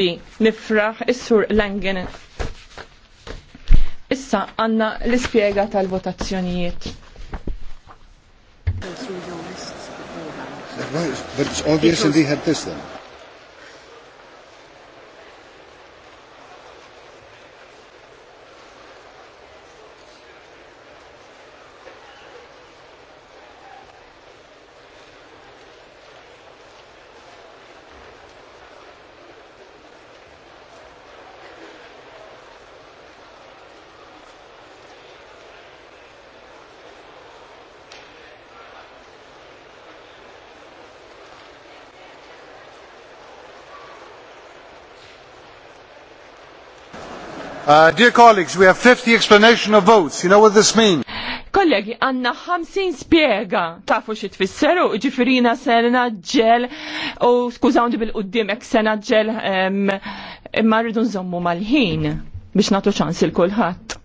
li nifraħ is-sur Langen. Issa għanna l-ispiega tal-votazzjonijiet. But it's obvious that we had this then. Uh, dear colleagues, we have 50 explanation of votes. You know what this means? Kollegi, għanna 50 spiega tafu xie tfisseru, ġifirina sena ġel, u skużawni bil-qoddimek sena ġel, imma rridu nżommu mal-ħin biex natu ċans il-kulħat.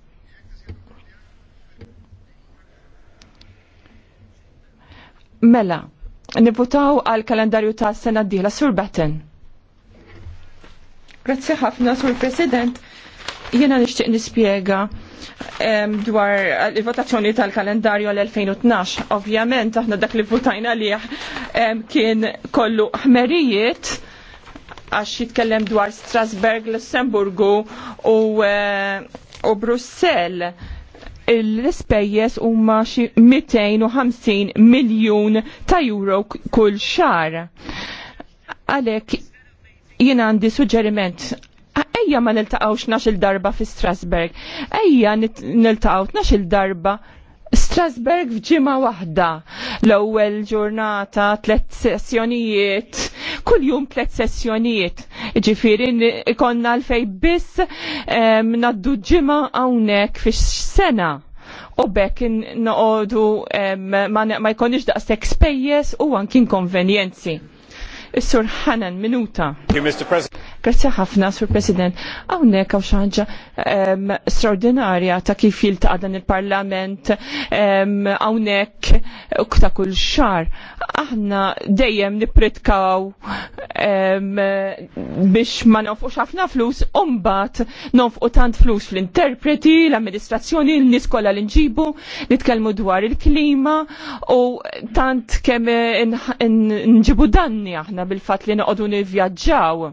Mela, nivutaw għal kalendarju ta' sena d-dihla, Sur Batten. Grazie ħafna, Sur President Jena nishtiq nispiega dwar eh, il-votazzjoni tal-kalendarju għal-2012. Ovvjament, aħna dak li votajna um, kien kollu ħmerijiet għax jitkellem dwar Strasburg, Lussemburgu u, eh, u Brussel l-ispejjeż huma xi 250 miljun ta' euro kull xar. Għalhekk jien għandi suġġeriment ejja ma niltaqgħux nax il-darba fi Strasberg. Ejja niltaqgħu nax il-darba Strasberg f'ġimgħa waħda. L-ewwel ġurnata, tliet sessjonijiet, kuljum tliet sessjonijiet. Ġifieri ikonna l-fej biss ngħaddu ġimgħa hawnhekk fix-sena u bekk noqogħdu ma jkunix daqshekk spejjeż u anki inkonvenjenzi. Is-Sur Hanan minuta. Grazzi ħafna, Sur President. Hawnhekk hawn xi ħaġa ehm, straordinarja ta' kif jiltaqa' dan il-Parlament ehm, hawnhekk ta' kull xar. Aħna dejjem nipritkaw ehm, biex ma nofqux ħafna flus umbat mbagħad nofqu tant flus fl-interpreti, l-amministrazzjoni, l niskola l li nġibu, nitkellmu dwar il-klima u tant kemm nġibu danni aħna ħafna bil-fat li noqogħdu nivvjaġġaw.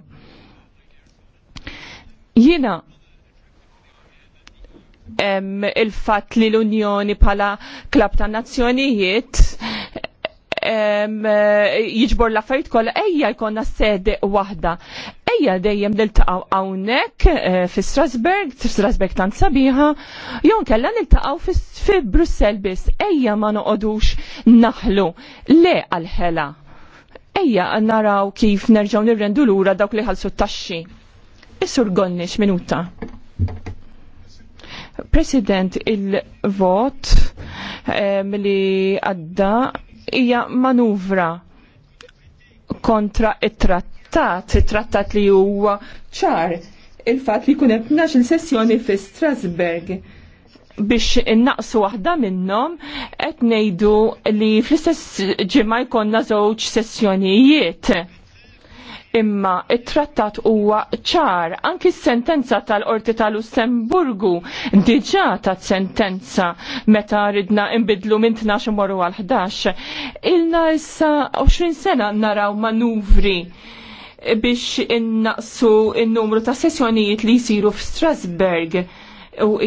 Jiena il-fat li l-Unjoni pala klab ta' nazzjonijiet jiġbor la fajt kol ejja jkonna sede wahda. Ejja dejjem nil-taqaw għawnek eh, fi Strasberg, fi Strasberg tan sabiħa, jon kella nil-taqaw fi Brussel bis, ejja ma noqodux naħlu le għal-ħela. Ejja naraw kif nerġaw nirrendu lura dawk li ħalsu t-taxxi. Is-sur Gonnix minuta. President, il-vot eh, li għadda hija manuvra kontra it-trattat, it-trattat li huwa ċar il-fat li kunem il sessjoni fi Strasberg biex innaqsu waħda minnhom qed ngħidu li fl-istess ġimgħa jkollna żewġ sessjonijiet. Imma it-trattat huwa ċar, anki s-sentenza tal-Qorti tal-Lussemburgu diġà ta' sentenza meta ridna nbidlu minn 12 morru għal 11. Ilna issa 20 sena naraw manuvri biex innaqsu n numru ta' sessjonijiet li jsiru f'Strasburg u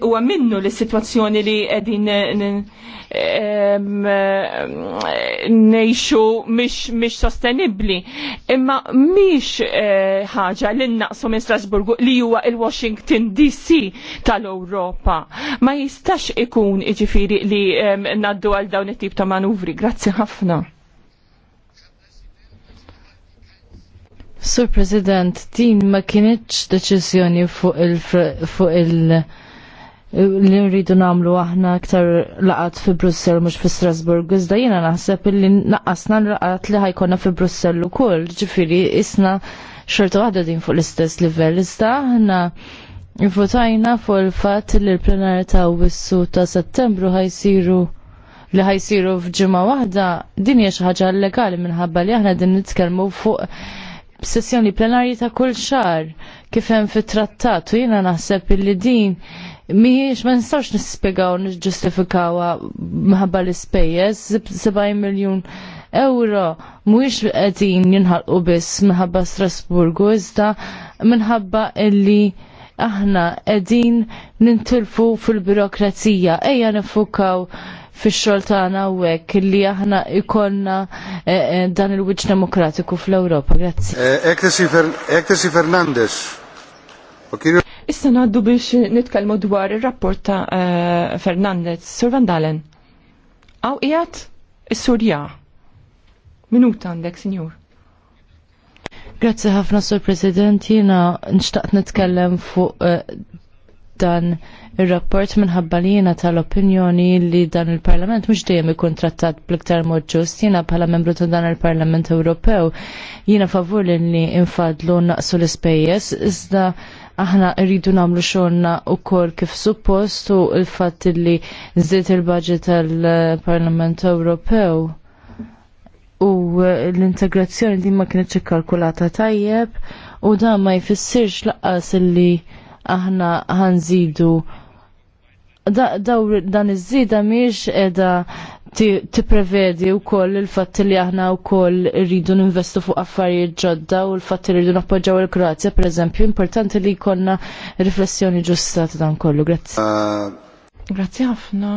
huwa minnu li situazzjoni li qegħdin eh, nejxu eh, mhix sostenibbli. Imma mhix eh, ħaġa li naqsu minn Strasburgu li huwa il-Washington DC tal-Ewropa. Ma jistax ikun iġifieri li ngħaddu għal dawn it-tip ta' manuvri. Grazzi ħafna. Sur President, din ma kienieċ deċiżjoni fuq il- fuq il- li nridu namlu aħna aktar laqat fi Brussel mhux fi Strasburg, iżda jiena naħseb illi naqasna laqat li ħajkonna fi Brussel ukoll, ġifiri isna xortu waħda din fuq l-istess livell, iżda aħna votajna fuq il-fatt li l-plenar ta' wissu ta' Settembru ħajsiru li ħajsiru f'ġimgħa waħda, din hija xi ħaġa legali minħabba li aħna din nitkellmu fuq b'sessjoni plenarji ta' kull xar kif hemm fit-trattat u jiena naħseb illi din mhijiex ma nistawx nispjegaw niġġustifikawha minħabba l-ispejjeż 70 miljun euro mhuwiex qegħdin jinħalqu biss minħabba Strasburgu iżda minħabba illi aħna qegħdin nintilfu fil-birokrazija ejja nifukaw fix-xogħol tagħna hawnhekk li aħna jkollna eh, eh, dan il-wiċċ demokratiku fl-Ewropa. Grazzi. Ektesi eh, Fernandez. Issa ngħaddu biex nitkellmu dwar ir-rapport ta' Fernandez. Sur Van Dalen. Aw qiegħed is-Surja. Minuta għandek, Sinjur. Grazzi ħafna, Sur President. Jiena nxtaqt nitkellem fuq dan ir-rapport minħabba li jiena tal-opinjoni li dan il-Parlament mhux dejjem ikun trattat bl-iktar mod ġust jiena bħala membru ta' dan il-Parlament Ewropew jiena favur li infadlu naqsu l-ispejjeż iżda aħna rridu namlu xorna u kol kif suppost u il-fat li zdiet il-budget tal-Parlament Ewropew u l-integrazzjoni di ma kienet kalkulata tajjeb u da ma jfissirx laqqas li aħna ħanżidu dan iż-żida miex edha tipprevedi u koll il-fatt li aħna u koll rridu ninvestu fuq affarijiet ġodda u l-fatt li rridu nappoġġaw il-Kroazja, per eżempju, importanti li jkollna riflessjoni ġusta ta' dan kollu. Grazzi. Uh, Grazzi ħafna.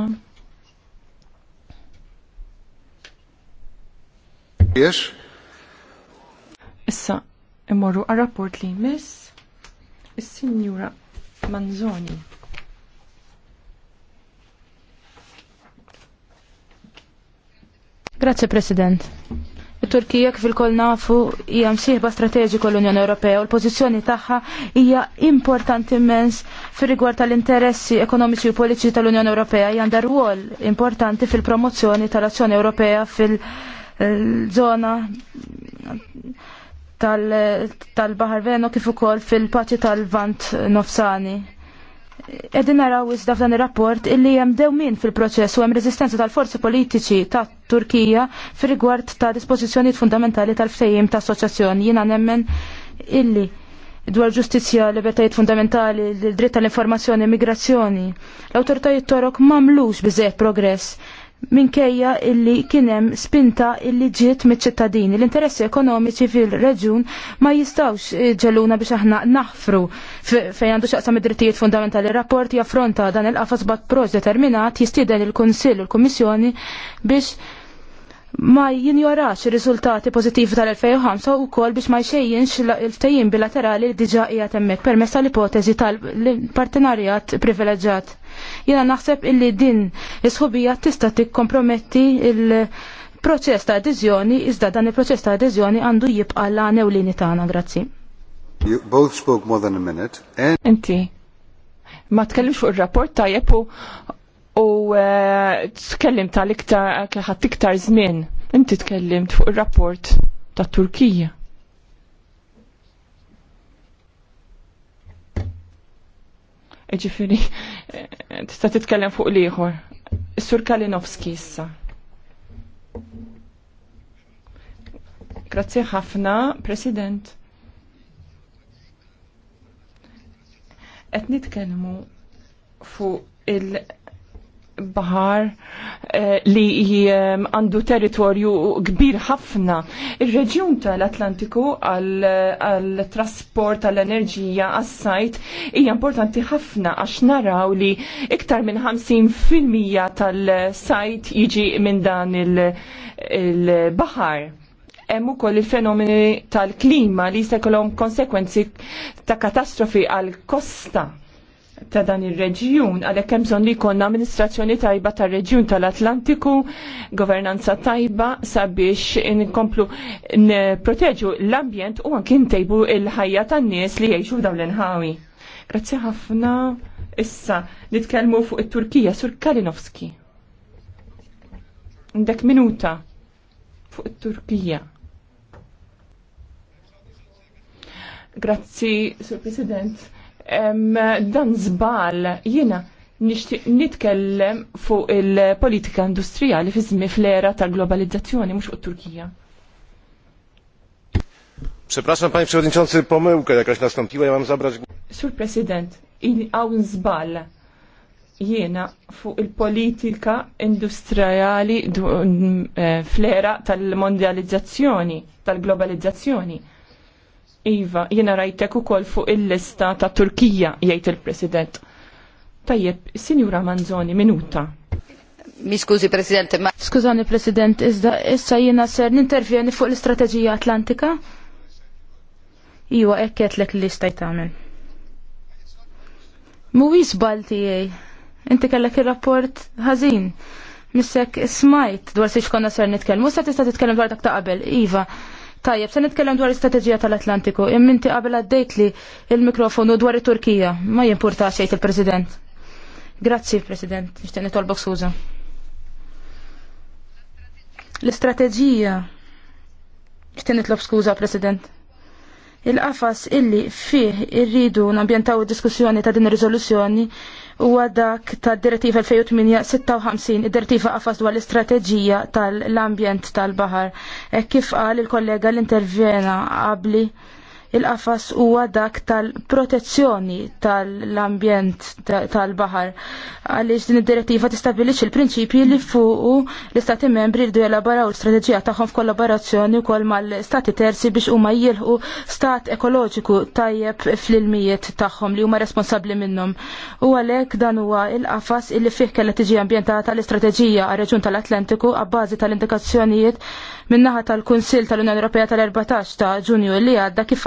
Issa, immorru għal-rapport li jmiss. Is-Sinjura Manzoni. Grazie President. Il-Turkija kif il-kol nafu hija msieħba strateġiku l-Unjoni Ewropea u l-pożizzjoni tagħha hija importanti immens fir-rigward tal-interessi ekonomiċi u politiċi tal-Unjoni Ewropea hija għandha rwol importanti fil-promozzjoni tal-azzjoni Ewropea fil-żona eh, tal-Bahar Veno kif ukoll fil-paċi tal-Vant Nofsani. Edin naraw iżda f'dan ir-rapport illi hemm dewmin fil-proċess u hemm reżistenza tal-forzi politiċi ta' Turkija fir-rigward ta' dispożizzjonijiet fundamentali tal-ftehim ta' assoċjazzjoni. Jiena nemmen illi dwar ġustizzja, libertajiet fundamentali, dritt tal-informazzjoni, migrazzjoni. L-awtoritajiet torok mamlux biżejjed progress minkejja illi kienem spinta illi ġiet me ċittadini L-interessi ekonomiċi fil-reġun ma jistawx eh, ġeluna biex aħna naħfru fejn għandu xaqsam id-drittijiet fundamentali. Rapport jaffronta dan il-qafas bat proġ determinat jistiden il konsil u l komissjoni biex ma jinjorax ir-riżultati pożittivi tal-2005 u kol biex ma jxejjinx il-ftajin bilaterali li diġa hija temmek permess tal-ipotezi tal-partenarjat privileġġat. Jena naħseb illi din is-ħubija tista' tikkomprometti il-proċess ta' adeżjoni iżda dan il-proċess ta' adeżjoni għandu jibqa' l ewlieni tagħna, grazzi. You both spoke more than a minute. And... Inti, ma tkellimx fuq ir-rapport tajjeb u u eh, tkellim tal-iktar ħadd iktar żmien. Inti tkellimt fuq ir-rapport tat Turkija. Ġifiri, eh, tista' titkellem fuq liħor. Sur Kalinowski issa. Grazie ħafna, President. Qed nitkellmu fuq il- bahar eh, li għandu territorju kbir ħafna. Ir-reġjun tal-Atlantiku għal-trasport, għall-enerġija, għas-sajt hija importanti ħafna għax naraw li iktar minn 50% tal-sajt jiġi minn dan il-bahar. Hemm ukoll il-fenomeni tal-klima li se kolom konsekwenzi ta' katastrofi għal-kosta ta' dan il-reġjun, għalhekk hemm bżonn li jkollna amministrazzjoni tajba tar-reġjun tal-Atlantiku, governanza tajba sabiex inkomplu proteġu l-ambjent u anke ntejbu il-ħajja tan-nies li jgħixu dawn l-inħawi. Grazzi ħafna issa nitkellmu fuq it-Turkija sur Kalinowski. Ndek minuta fuq it-Turkija. Grazzi, Sur President dan zbal jiena nixtieq nitkellem fuq il-politika industrijali fi żmien fl-era tal-globalizzazzjoni mhux fuq Turkija. Przepraszam panie przewodniczący, pomyłka jakaś nastąpiła, ja mam zabrać Sur President, hawn żball jiena fuq il-politika industrijali eh, flera tal-mondializzazzjoni, tal-globalizzazzjoni. Iva, jiena rajtek ukoll fuq il-lista ta' Turkija, jgħid il-President. Tajjeb, Sinjura Manzoni, minuta. Mi skużi, President, ma. Skużani, President, iżda issa jiena ser nintervjeni fuq l-Istrateġija Atlantika? Iva, ekket lek lista stajt għamil. Mhuwiex balti jgħi. Inti kellek ir-rapport ħażin. Missek smajt dwar se xkonna ser nitkellmu. Sa tista' titkellem dwar dak ta' qabel. Iva, Tajjeb, se nitkellem dwar l-istrateġija tal-Atlantiku, imminti qabel għaddejt li il-mikrofonu dwar it-Turkija, ma jimpurta xejt il-President. Grazzi, President, nishtiq nitolbok suża. L-istrateġija. Nishtiq nitlob skuża, President il-qafas illi fih irridu nambjentaw id-diskussjoni ta' din ir-riżoluzzjoni huwa dak tad direttiva 2008-56, id-direttiva qafas dwar l-istrateġija tal-ambjent tal-baħar. E kif qal il-kollega l-intervjena għabli? il-qafas huwa dak tal-protezzjoni tal-ambjent tal-baħar. Għaliex din id-direttiva tistabilix il-prinċipji li fuqu l-istati membri rridu jelaboraw l-istrateġija tagħhom f'kollaborazzjoni wkoll mal-stati terzi biex huma jilħu stat ekoloġiku tajjeb fl-ilmijiet tagħhom li huma responsabbli minnhom. U għalhekk dan huwa il-qafas illi fih kellha tiġi ambjentata l-istrateġija għar-reġjun tal-Atlantiku għabbażi tal-indikazzjonijiet min-naħa tal-Kunsill tal-Unjoni Ewropea tal-14 ta' Ġunju li għadda kif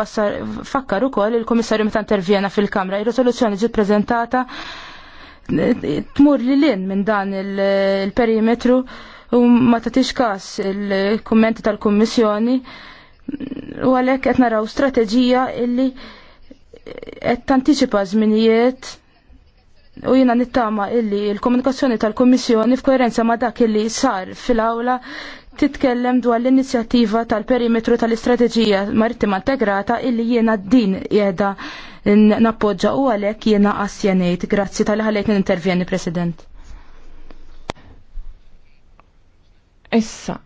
fakkar ukoll il-Kummissarju meta intervjena fil-Kamra. Ir-riżoluzzjoni ġiet preżentata tmur li lin minn dan il-perimetru u ma tagħtix każ il-kummenti tal-Kummissjoni u għalhekk qed naraw strateġija illi qed tantiċipa żminijiet u jina nittama illi il-komunikazzjoni tal-Kommissjoni f'koerenza ma dak illi sar fil-awla titkellem dwar l-inizjattiva tal-perimetru tal-istrateġija marittima integrata illi jiena din jeda nappoġġa u għalhekk jiena assjenejt. Grazzi tal n-intervjeni, President. Issa.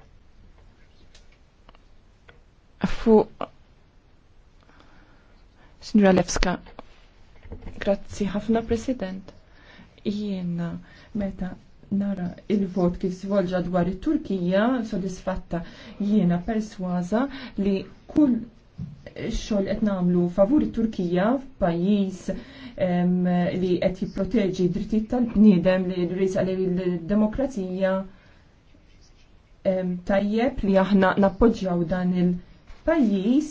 Fu. Signora Levska, grazzi ħafna President. Jiena meta nara il-vot kif svolġa dwar it-Turkija sodisfatta jiena perswaza li kull xogħol qed nagħmlu favur it-Turkija f'pajjiż li qed jipproteġi d-drittijiet tal-bniedem li jrisa l-demokrazija tajjeb li aħna nappoġġjaw dan il-pajjiż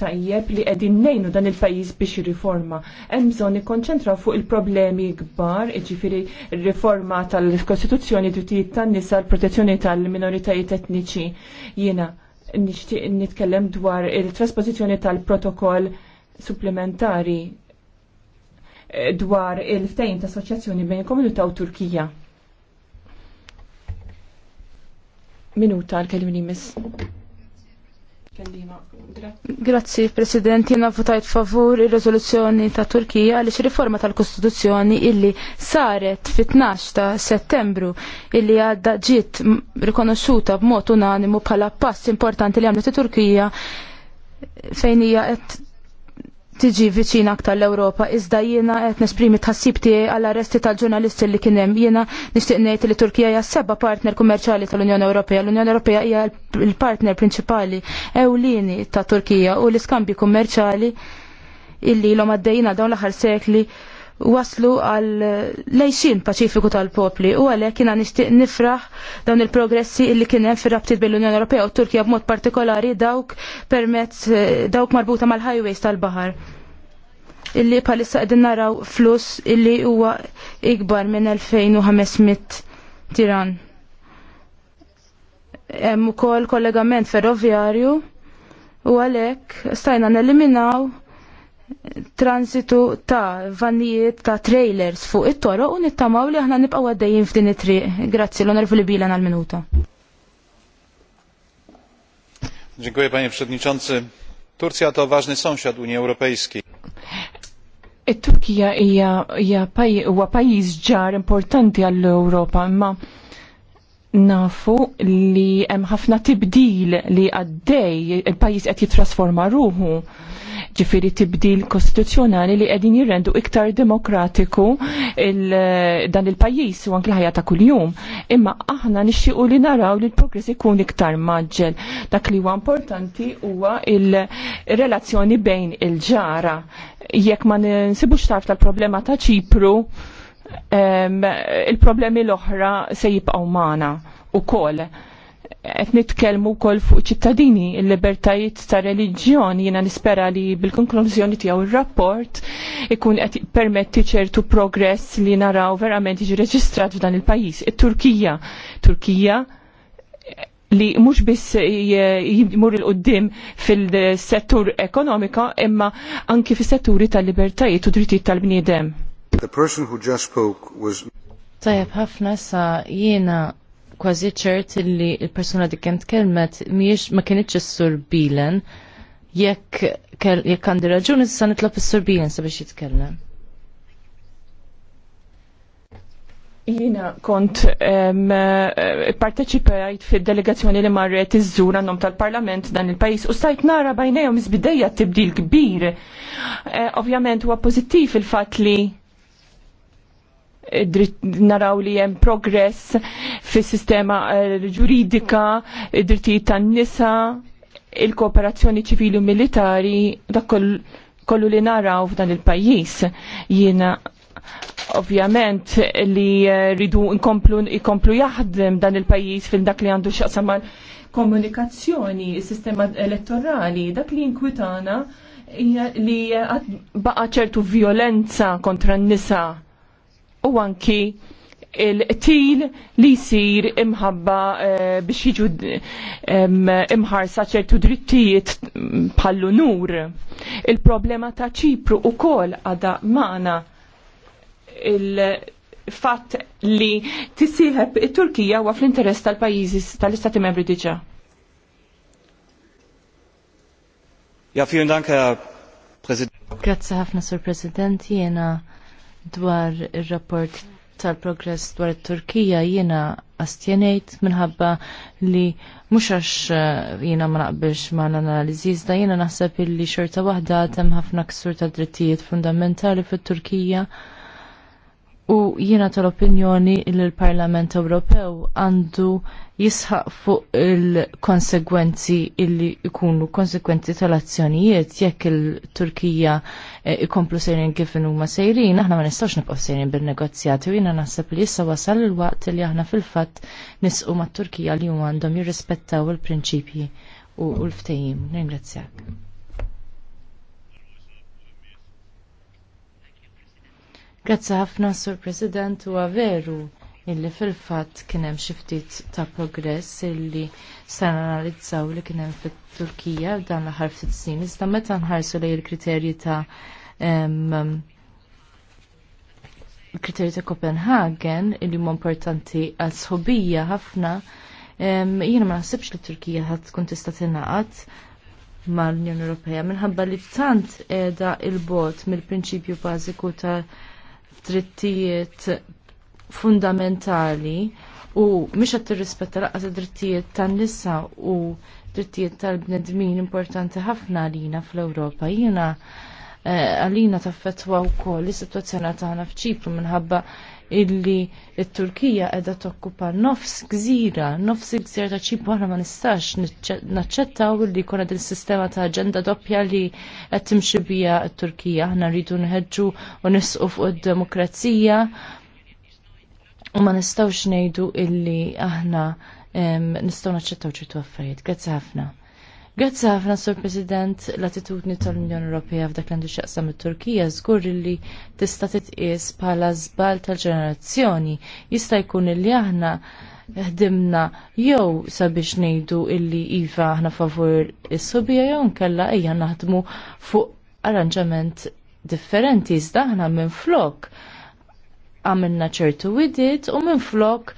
tajjeb li qegħdin ngħinu dan il-pajjiż biex jirriforma. Hemm bżonn ikkonċentraw fuq il-problemi kbar, jiġifieri riforma tal-Kostituzzjoni drittijiet tan-nisa l-protezzjoni tal-minoritajiet etniċi. Jiena nixtieq nitkellem dwar il-trasposizzjoni tal-protokoll supplementari eh, dwar il-ftejn ta' assoċjazzjoni bejn il-Komunità u Turkija. Minuta għal kelmini mis. Grazzi, President, jena votajt favur il-rezoluzzjoni ta' Turkija għalix riforma tal-Kostituzzjoni illi saret fit-12 ta' settembru illi għadda ġiet rikonoxxuta b'mod unanimu bħala pass importanti li għamlet Turkija fejn hija qed tiġi viċin aktar l europa iżda jiena qed nesprimi tħassib tiegħi għall arresti tal-ġurnalisti li kien hemm. Jiena nixtieq ngħid li Turkija hija seba' partner kummerċjali tal-Unjoni Ewropea. L-Unjoni Ewropea hija l-partner prinċipali ewlieni ta' Turkija u l iskambji kummerċjali illi l-om għaddejjina dawn l-aħħar sekli waslu għal lejxin paċifiku tal-popli u għalhekk jiena nixtieq nifraħ dawn il-progressi li kien hemm fir-rabtiet bil-Unjoni Ewropea u Turkija b'mod partikolari dawk permezz eh, dawk marbuta mal-highways tal-baħar illi bħalissa qegħdin naraw flus illi huwa ikbar minn 2500 tiran. Hemm ukoll kollegament ferroviarju u għalhekk stajna neliminaw transitu ta' vanijiet ta' trailers fuq it-toro u nittamaw li aħna nibqaw għaddejjin f'din it-triq. Grazzi, l-onorfu fil bila għal-minuta. Dziękuję panie przewodniczący. Turcja to ważny sąsiad Unii Europejskiej. E, Turkija hija huwa pajjiż ġar importanti għall-Ewropa, imma nafu li hemm ħafna tibdil li għaddej il-pajjiż qed jitrasforma ruħu ġifiri tibdil kostituzzjonali li qegħdin jirrendu iktar demokratiku il dan il-pajjiż u anke l-ħajja ta' kuljum. Imma aħna nixtiequ li naraw li l-progress ikun iktar maġġel. Dak li huwa importanti huwa il-relazzjoni bejn il-ġara. Jekk ma nsibux tarf tal-problema ta' ċipru, il-problemi l-oħra se jibqgħu magħna ukoll qed nitkellmu wkoll fuq ċittadini, il-libertajiet ta' reliġjon jiena nispera li bil-konklużjoni tiegħu ir-rapport ikun qed permetti ċertu progress li naraw verament jiġi reġistrat f'dan il-pajjiż. It-Turkija, Turkija li mhux biss jimur il-qoddim fil-settur ekonomika imma anki fis-setturi tal-libertajiet u drittijiet tal-bniedem. The person who just spoke was Tajab ħafna sa jiena kważi ċert li l persuna dik kien tkellmet miex ma kienitx issur sur Bilen jekk jekk għandi raġuni issa nitlob is-sur Bilen sabiex jitkellem. Jina kont um, parteċipajt fid delegazzjoni li marret iż-żur għandhom tal-Parlament dan il-pajis u stajt nara bajnejhom iżbidejja tibdil kbir. Uh, Ovvjament huwa pożittiv il-fatt li naraw li hemm progress fis sistema eh, ġuridika, id-drittijiet tan-nisa, il-kooperazzjoni ċivili u militari, dak kollu li naraw f'dan il-pajjiż. Jiena ovvjament li eh, ridu nkomplu jkomplu jaħdem dan il-pajjiż fil dak li għandu x'aqsam komunikazzjoni, sistema elettorali, dak li inkwitana li eh, baqa ċertu violenza kontra n-nisa u anki il-til li jisir imħabba uh, biex jiġu um, imħarsa ċertu drittijiet pallu nur. Il-problema ta' ċipru u kol għada maħna il-fat li tisiħeb il-Turkija u fl interess tal-pajizi tal-istati membri diġa. Ja, fjendanka, Dank, Grazie ħafna, Sur President. Jena dwar ir-rapport tal-progress dwar it-Turkija jiena astjenejt minħabba li mhux għax eh, jiena ma naqbilx ma l-analiżi iżda jiena naħseb illi xorta waħda hemm ħafna ksur ta' drittijiet fundamentali fit-Turkija. U jiena tal-opinjoni li l-Parlament Ewropew għandu jisħaq fuq il-konsegwenzi illi ikunu konsekwenzi tal-azzjonijiet jekk il-Turkija eh, ikomplu sejrin kif huma sejrin, aħna ma nistax nibqgħu sejrin bil-negozjati u jiena naħseb li issa wasal il-waqt li aħna fil-fatt nisqu mat-Turkija li huma għandhom jirrispettaw il-prinċipji u l-ftehim. Ringrazzjak. Grazzi ħafna, Sur President, u veru illi fil-fat kienem xiftit ta' progress illi san analizzaw li kienem fit-Turkija dan l-ħar ftit snin. Iżda meta nħarsu li il kriterji ta' kriterji ta' Copenhagen illi huma importanti għal sħobija ħafna, jiena ma naħsibx li Turkija ħadd tkun tista' tingħaqad mal-Unjoni Ewropea minħabba li tant qiegħda il-bot mill-prinċipju bażiku ta' drittijiet fundamentali u mhix qed tirrispetta laqas id-drittijiet tan-nisa u drittijiet tal-bnedmin importanti ħafna għalina fl-Ewropa. Jiena eh, għalina taffetwa wkoll is-sitwazzjoni tagħna f'Ċipru minħabba illi il-Turkija edha tokkupa nofs gżira, nofs gżira ta' ċip waħna ma nistax naċċettaw illi kuna din sistema ta' agenda doppja li qed timxi il t-Turkija. Aħna rridu nħeġġu u nisqu fuq id-demokrazija u ma nistawx ngħidu illi aħna nistgħu naċċettaw ċertu affarijiet. Grazzi ħafna. Grazzi ħafna, Sur President, l-attitudni tal-Unjoni Ewropea f'dak l-għandu xaqsam il-Turkija żgur li tista' titqies bħala żbal tal-ġenerazzjoni. Jista' jkun illi aħna ħdimna jew sabiex ngħidu illi iva aħna favur is-subija jew nkella ejja naħdmu fuq arranġament differenti iżda aħna minn flok għamilna ċertu widit u minn flok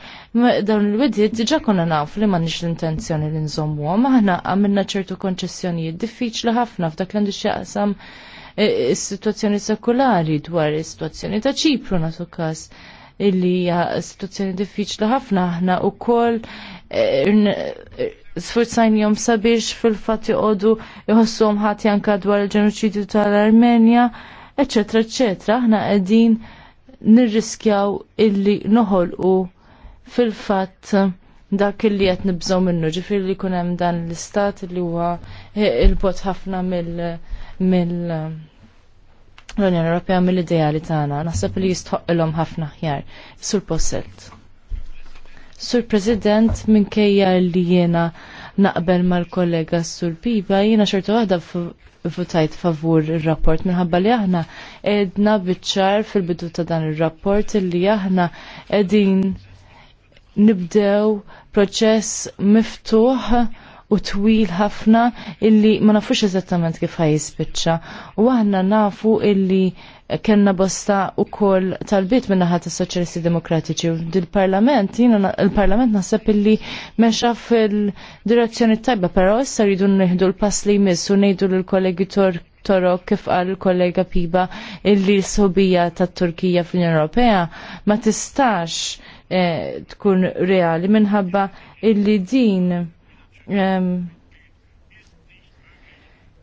dawn il-widit diġa konna naf li m'għandniex l-intenzjoni li nżommu aħna għamilna ċertu konċessjonijiet diffiċli ħafna f'dak li għandu jaqsam e, is-sitwazzjoni sekulari dwar is-sitwazzjoni ta' Ċipru nasu każ illi hija sitwazzjoni diffiċli ħafna aħna wkoll e, e, jom sabiex fil-fatt joqogħdu jħossuhom ħati anke dwar il-ġenoċidju tal-Armenja, eccetera, eccetera, aħna qegħdin nirriskjaw illi noħolqu fil-fatt dak illi qed nibżgħu minnu, ġifieri li jkun hemm dan l-istat li huwa il-bot ħafna mill mill l-Unjoni Ewropea mill-ideali tagħna, naħseb li jistħoqilhom ħafna ħjar sur Posselt. Sur President, minkejja li jiena naqbel mal-kollega sur Piba, jiena ċertu waħda votajt favur il-rapport minħabba li aħna edna bitċar fil-bidu ta' dan il-rapport li aħna edin nibdew proċess miftuħ u twil ħafna illi ma nafux eżattament kif ħajispiċċa. U aħna nafu illi kena bosta u kol bit minna ħata soċjalisti Demokratiċi dil-Parlament, jina il-Parlament nasab illi meċa fil-direzzjoni tajba, pero issa rridu nħidu l-pass li jmiss u nejdu l-kollegi Toro kif għal kollega Piba illi l-sobija ta' Turkija fl-Unjoni Ewropea ma tistax eh, tkun reali minħabba illi din um,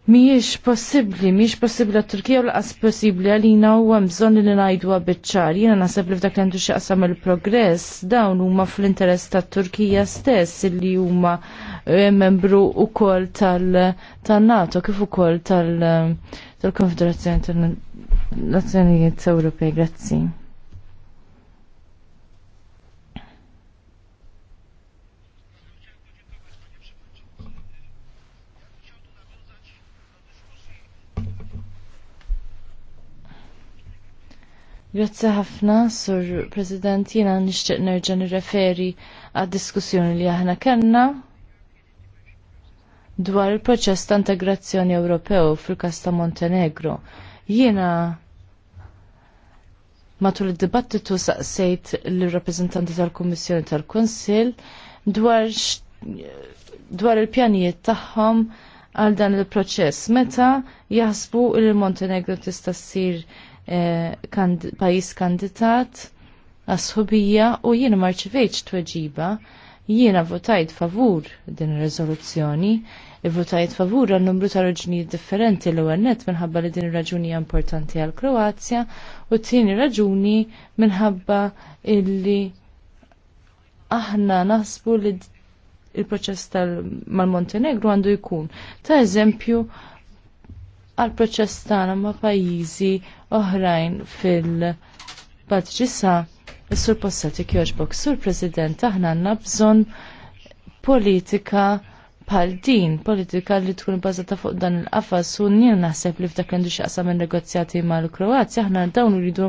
Miex possibli, miex possibli la turkija u l-qas possibli għalina u għamżon li najdu għabitċar. Jena nasab li f'dak għandu għandu qasam il-progress, dawn huma fl-interess ta' Turkija stess li huma eh, membru u kol tal-NATO, kif u kol eh, tal-Konfederazzjoni tal-Nazzjonijiet Ewropej. Grazzi. Grazzi ħafna, Sur President, jina nishtiq nerġa nirreferi għad diskussjoni li aħna kellna dwar il-proċess ta' integrazzjoni Ewropew fil kasta ta' Montenegro. Jiena matul id-dibattitu saqsejt l-rappresentanti tal-Kummissjoni tal-Kunsill dwar dwar il-pjanijiet tagħhom għal dan il-proċess. Meta jaħsbu il-Montenegro tista' ssir Eh, pajjiż kandidat għasħubija u jiena marċivejċ tweġiba jiena votajt favur din ir-riżoluzzjoni votajt favur għal numru ta' raġunijiet differenti l għannet minħabba li din raġuni importanti għal Kroazja u t-tieni raġuni minħabba illi aħna nasbu li il-proċess tal-Montenegro għandu jkun ta' eżempju għal proċess tagħna ma' pajjiżi oħrajn fil-Badġisa. Is-Sur Possati Kjoġbok, Sur President, aħna għandna bżonn politika bħal din, politika li tkun bbażata fuq dan il-qafas u njien naħseb li f'dak kandu għandu xaqsam il-negozjati mal-Kroazja, aħna dawn rridu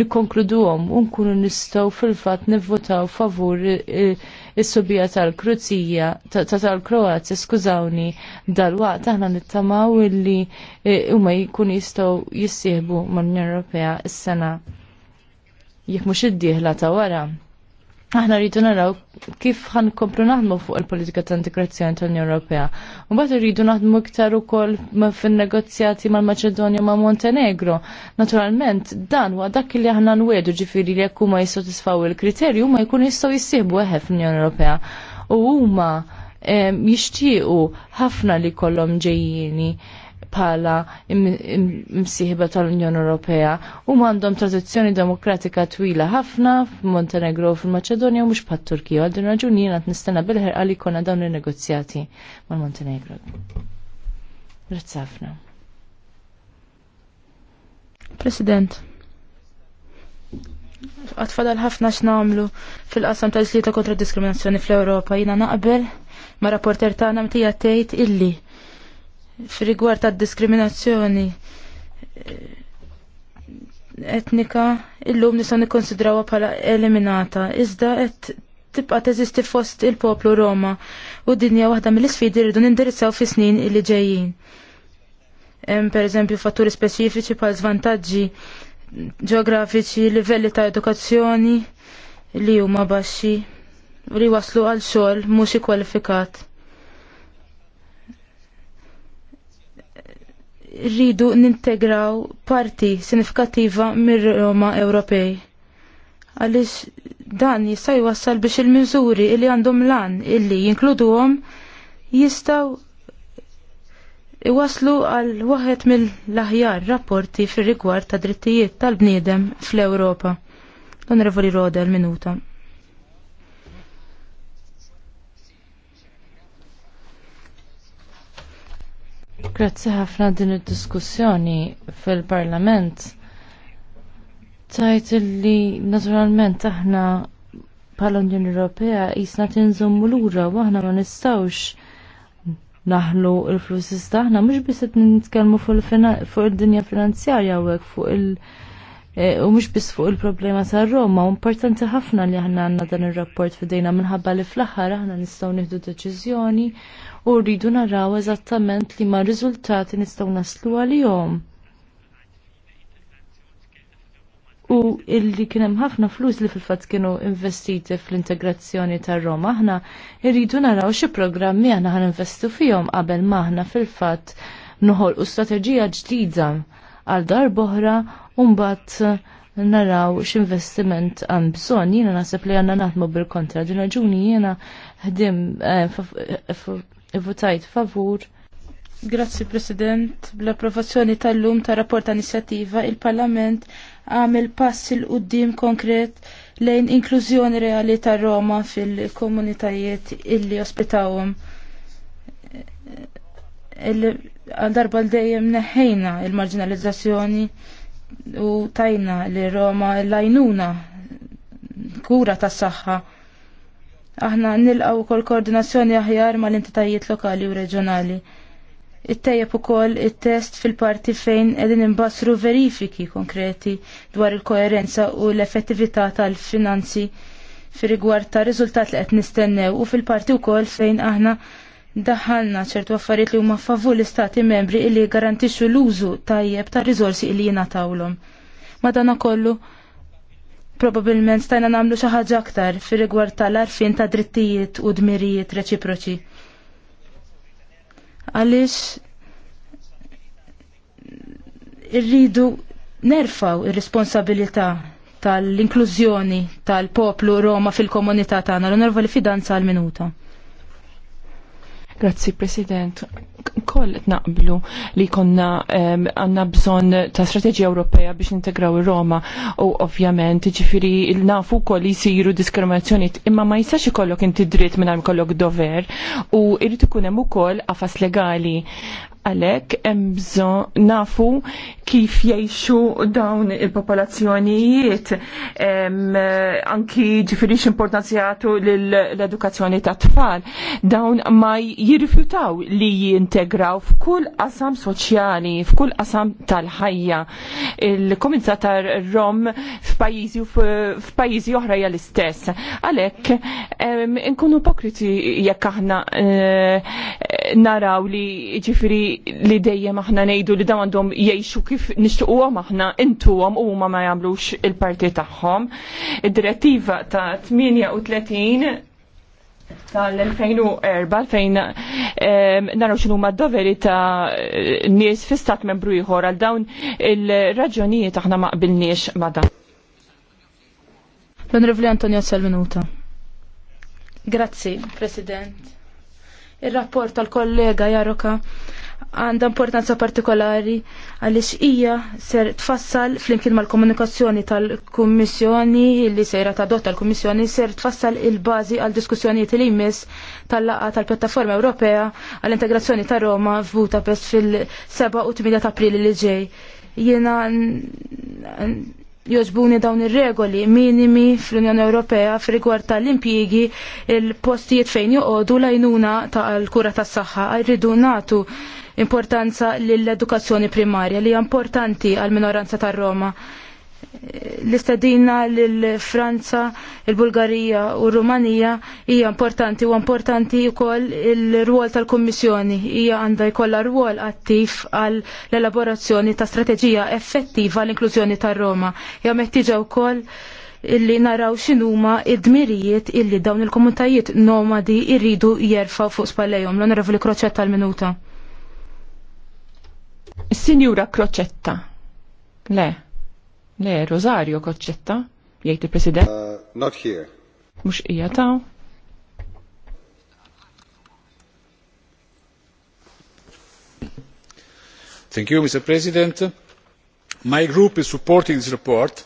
nikkonkluduhom u nkunu nistgħu fil-fatt nivvotaw favur is-subija tal-Kruzija tal-Kroazja, skużawni, dal-waqt aħna nittamaw li e, huma jkun jistgħu jissieħbu mal-Unjoni Ewropea s sena jekk mhux id-dieħla ta' wara aħna rridu naraw kif ħan komplu naħdmu fuq il-politika ta' integrazzjoni tal-Unjoni Ewropea. Mbagħad rridu naħdmu iktar ukoll fin-negozjati mal-Maċedonja ma' Montenegro. Naturalment dan huwa dak li aħna nwedu ġifiri li jekk huma jissotisfaw il-kriterju ma jkun jistgħu jissieħbu eħe fl-Unjoni Ewropea. U huma jixtiequ ħafna li kollhom ġejjini bħala msieħba tal-Unjoni Ewropea u għandhom tradizzjoni demokratika twila ħafna f'Montenegro u fil-Maċedonja u mhux bħat-Turkija. Għal din raġuni jiena nistenna bilħer għal li jkollna dawn in-negozjati mal-Montenegro. Grazzi ħafna. President, għatfadal ħafna x'namlu fil-qasam tal-ġlieta kontra diskriminazzjoni fl-Ewropa jiena naqbel ma' rapporter tagħna mtija tgħid illi f'rigward tad diskriminazzjoni etnika illum nistgħu nikkonsidrawha bħala eliminata iżda qed tibqa' teżisti fost il-poplu Roma u dinja waħda mill-isfidi rridu nindirizzaw fi snin illi ġejjin. Hemm pereżempju fatturi speċifiċi bħal żvantaġġi ġeografiċi, livelli ta' edukazzjoni li huma baxxi u li waslu għal xogħol mhux ikkwalifikat. rridu nintegraw parti sinifikattiva mir-Roma Ewropej. Għaliex dan jista' jwassal biex il-miżuri li għandhom lan illi jinkluduhom jistgħu iwaslu għal waħed mill-aħjar rapporti fir-rigward ta' drittijiet tal-bniedem fl-Ewropa. Onorevoli Roda, l-minuta. Grazzi ħafna din id-diskussjoni fil-Parlament. Tajt li naturalment aħna bħala Unjoni Ewropea jisna tinżommu lura u aħna ma nistawx naħlu l-flus aħna mhux biss qed nitkellmu fuq id-dinja finanzjarja u hekk fuq il- eh, U mhux biss fuq il-problema ta' Roma, u importanti ħafna li aħna għandna dan ir-rapport f'dejna minħabba li fl-aħħar aħna nistgħu nieħdu deċiżjoni u rridu naraw eżattament li ma riżultati nistgħu naslu għalihom. U illi kien hemm ħafna flus li fil-fatt kienu investiti fl-integrazzjoni tar Roma. Aħna irridu naraw xi programmi aħna ħan investu fihom qabel ma aħna fil-fatt noħolqu strateġija ġdida għal dar boħra u mbagħad naraw x'investiment għan bżonn. Jiena naħseb li għandna naħdmu bil-kontra. Din raġuni ħdim eh, votajt favur. Grazzi President, bl-approvazzjoni tal-lum ta' rapport inizjattiva, il-Parlament għamil pass il qudiem konkret lejn inklużjoni reali ta' Roma fil-komunitajiet illi ospitawhom. Għal darba l-dejjem neħħejna il-marginalizzazzjoni u tajna li Roma l-lajnuna kura tas saħħa Aħna nilqaw kol koordinazzjoni aħjar mal-entitajiet lokali u reġjonali. Ittejjeb ukoll it-test fil-parti fejn qegħdin imbassru verifiki konkreti dwar il-koerenza u l-effettività tal-finanzi fir rigward ta' riżultat li qed nistennew u fil-parti wkoll fejn aħna daħalna ċertu affarijiet li huma favur l-istati membri illi garantixxu l-użu tajjeb ta' riżorsi illi jingħatawhom. Madana kollu, probabilment stajna namlu xi ħaġa aktar fir rigward tal-arfin ta' drittijiet u dmirijiet reċiproċi. Għaliex irridu nerfaw ir-responsabilità tal-inklużjoni tal-poplu Roma fil-komunità tagħna l-onorvoli fidanza għal-minuta. Grazzi, President. Koll naqblu li konna għanna um, bżon ta' strategija Ewropea biex integraw Roma u ovvjament ġifiri nafu koll li jisiru diskriminazzjoni imma ma jistax ikollok inti dritt minn kollok dover u irrid ikun hemm ukoll għafas legali Għalek, bżon nafu kif jiexu dawn il-popolazzjonijiet, anki ġifirix importanzjatu l-edukazzjoni ta' tfal. Dawn ma jirrifjutaw li jintegraw f'kull qasam soċjali, f'kull qasam tal-ħajja. Il-komunità tar-Rom f'pajjiżi u f'pajjiżi oħra jgħal l-istess. Għalek, nkunu pokriti jekk aħna eh, naraw li ġifiri li dejjem aħna ngħidu li dawn għandhom jgħixu kif nixtiequhom aħna intuhom huma ma jagħmlux il-parti tagħhom. Id-direttiva ta' 38 tal-2004 fejn ehm, naraw xinu ma doveri ta' nies fi stat membru ieħor għal dawn il-raġunijiet aħna ma qbilniex ma l onrevli Antonio Salvenuta. Grazzi, President. Il-rapport tal-kollega Jaroka għandha importanza partikolari għaliex hija ser tfassal flimkien mal-komunikazzjoni tal-Kummissjoni li sejra tad-dot l-Kummissjoni ser tfassal il-bażi għal diskussjonijiet li jmiss tal-laqa tal-Pjattaforma Ewropea għall-integrazzjoni ta' Roma pes fil-7 u 8 ta' April li ġej. Jiena joġbuni dawn ir-regoli minimi fl-Unjoni Ewropea f'rigward tal-impjiegi il-postijiet fejn joqogħdu lajnuna l kura tas-saħħa. Rridu nagħtu importanza lill-edukazzjoni primarja li hija importanti għall minoranza tar-Roma. L-istedina lill-Franza, il-Bulgarija u l rumanija hija importanti u importanti wkoll il ruol tal-Kummissjoni hija għandha jkollha rwol attiv għal l-elaborazzjoni ta' strateġija effettiva l-inklużjoni tar-Roma. Hija meħtieġa wkoll illi naraw xinuma id-dmirijiet illi dawn il-komunitajiet nomadi irridu jerfaw fuq spallejhom. L-Onorevoli Kroċetta tal-Minuta. Signora Crocetta. Le. Le, Rosario Crocetta, jgħid il-President. Uh, not here. Mux ija ta' Thank you, Mr. President. My group is supporting this report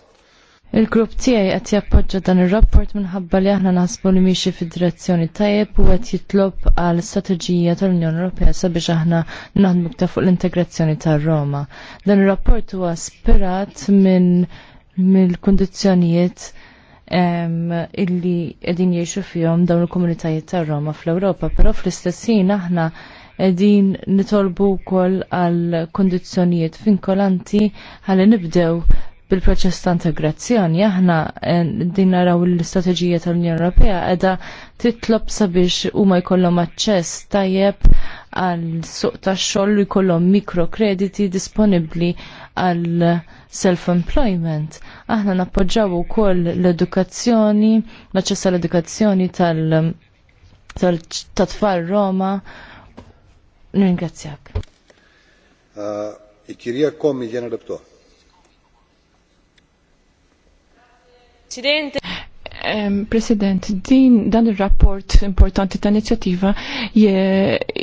Il-grupp tiegħi qed jappoġġa dan ir-rapport minħabba li aħna naħsbu li miexi fid-direzzjoni tajjeb u qed jitlob għal strateġija tal-Unjoni Ewropea sabiex aħna naħdmu ta' fuq l-integrazzjoni tar-Roma. Dan ir-rapport huwa spirat minn mill-kundizzjonijiet illi qegħdin jgħixu fihom dawn il-komunitajiet tar-Roma fl-Ewropa, però fl-istess ħin aħna qegħdin nitolbu wkoll għal kundizzjonijiet vinkolanti ħalli nibdew bil-proċess ta' integrazzjoni aħna eh, din naraw l-istrateġija tal-Unjoni Ewropea qiegħda titlob sabiex huma jkollhom aċċess tajjeb għal suq tax-xogħol u jkollhom mikrokrediti disponibbli għal self-employment. Aħna nappoġġaw ukoll l-edukazzjoni, l-aċċess għall edukazzjoni tal- tal-tfal Roma. Ringrazzjak. Uh, Ikkirija kommi ġena Presidente. President, din dan il-rapport importanti ta' inizjattiva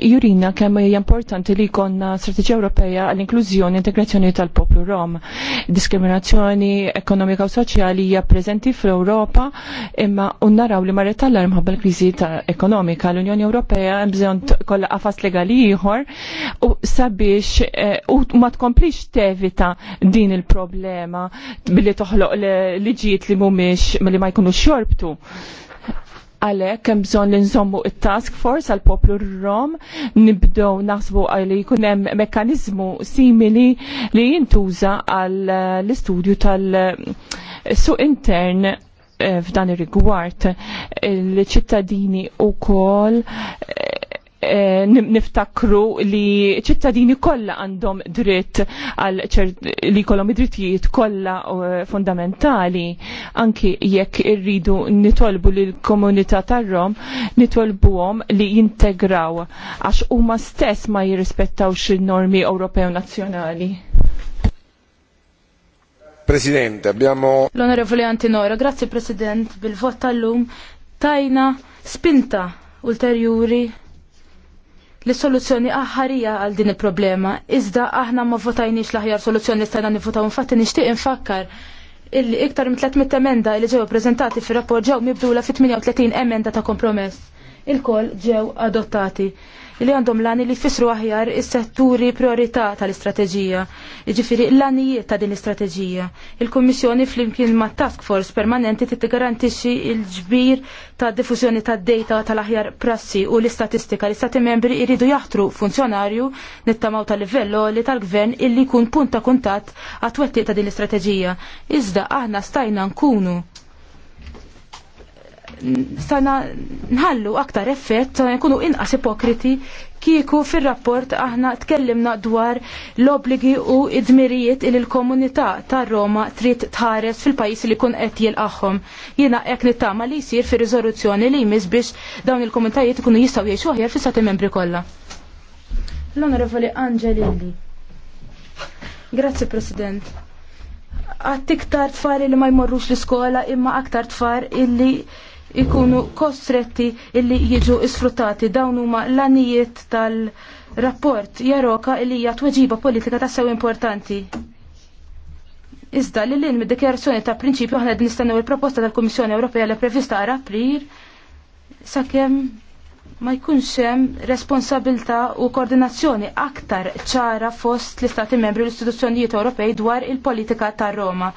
jurina kemm hija importanti li jkollna strateġija Ewropea għall-inklużjoni e integrazzjoni tal-poplu Rom. Diskriminazzjoni ekonomika u soċjali hija preżenti fl-Ewropa imma unnaraw li marret tal-arm ħabba l-kriżi ekonomika. L-Unjoni Ewropea hemm bżonn kollha qafas legali ieħor u sabiex eh, u ma tkomplix tevita din il-problema billi toħloq liġijiet li mhumiex li ma jkunux xorbtu Għale, hemm bżon li nżommu il task force għal poplu rom nibdew naħsbu li jkun hemm mekkaniżmu simili li jintuża għal eh, l-istudju tal-suq intern eh, f'dan ir-rigward il-ċittadini wkoll Eh, niftakru li ċittadini kollha għandhom dritt għal li kollhom id-drittijiet kollha eh, fundamentali anki jekk irridu nitolbu l komunità tar-Rom nitolbuhom li jintegraw għax huma stess ma jirrispettawx il-normi Ewropew nazzjonali. Presidente, abbiamo... L'onorevole Antinora, grazie President, bil-vot tal-lum tajna spinta ulteriori li soluzzjoni aħħarija għal din il-problema. Iżda aħna ma votajniex l-aħjar soluzzjoni li stajna nifutaw infatti nixtieq infakkar illi iktar minn 300 emenda li ġew prezentati fir-rapport ġew mibdula fit 38 emenda ta' kompromess. Il-kol ġew adottati li għandhom lani li jfissru aħjar is-setturi priorità tal-istrateġija, jiġifieri l-għanijiet ta' din l-istrateġija. Il-Kummissjoni flimkien ma' task force permanenti t-garantixi l-ġbir ta' diffużjoni ta' data tal-aħjar prassi u l-istatistika li stati membri jridu jaħtru funzjonarju nittamaw tal-livell li tal-gvern illi jkun punt ta' kuntatt għat ta' din l-istrateġija. Iżda aħna stajna nkunu sana nħallu aktar effett, sana nkunu inqas ipokriti kieku fil-rapport aħna tkellimna dwar l-obligi u id-dmirijiet il l-komunità ta' Roma trid tħares fil-pajis li kun qed jilqahom. Jiena hekk nittama li jsir fir riżoluzzjoni li jmiss biex dawn il-komunitajiet ikunu jistgħu jgħixu aħjar fis sati membri kollha. L-Onorevoli Angelilli. Grazzi President għattiktar tfal li ma jmorrux l-iskola imma aktar tfal illi ikunu kostretti illi jiġu isfruttati dawn huma l-anijiet tal-rapport jaroka illi hija tweġiba politika ta' sew importanti. Iżda li l-in mid-dikjarazzjoni ta' prinċipju aħna qed nistennew il-proposta tal-Kummissjoni Ewropea li prevista għar April sakemm ma jkunx hemm responsabilità u koordinazzjoni aktar ċara fost l-Istati membri u l-istituzzjonijiet Ewropej dwar il-politika tar Roma.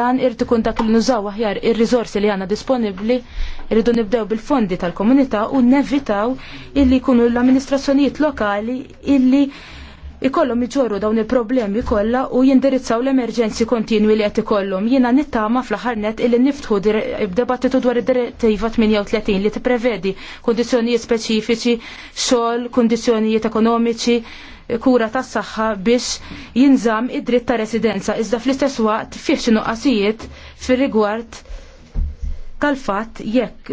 Lan irtu kun dak li nużaw aħjar ir-riżorsi li għandna disponibbli, irridu nibdew bil-fondi tal-komunità u nevitaw illi jkunu l-amministrazzjonijiet lokali illi ikollhom iġorru dawn il-problemi kollha u jindirizzaw l-emerġenzi kontinwi li qed ikollhom. Jiena nittama fl-aħħar net illi niftħu b'debattitu dwar id-direttiva 38 li tipprevedi kundizzjonijiet speċifiċi, xogħol, kundizzjonijiet ekonomiċi, kura tas saħħa biex jinżamm id-dritt ta' residenza iżda fl-istess waqt fih xi nuqqasijiet fir-rigward tal-fatt jekk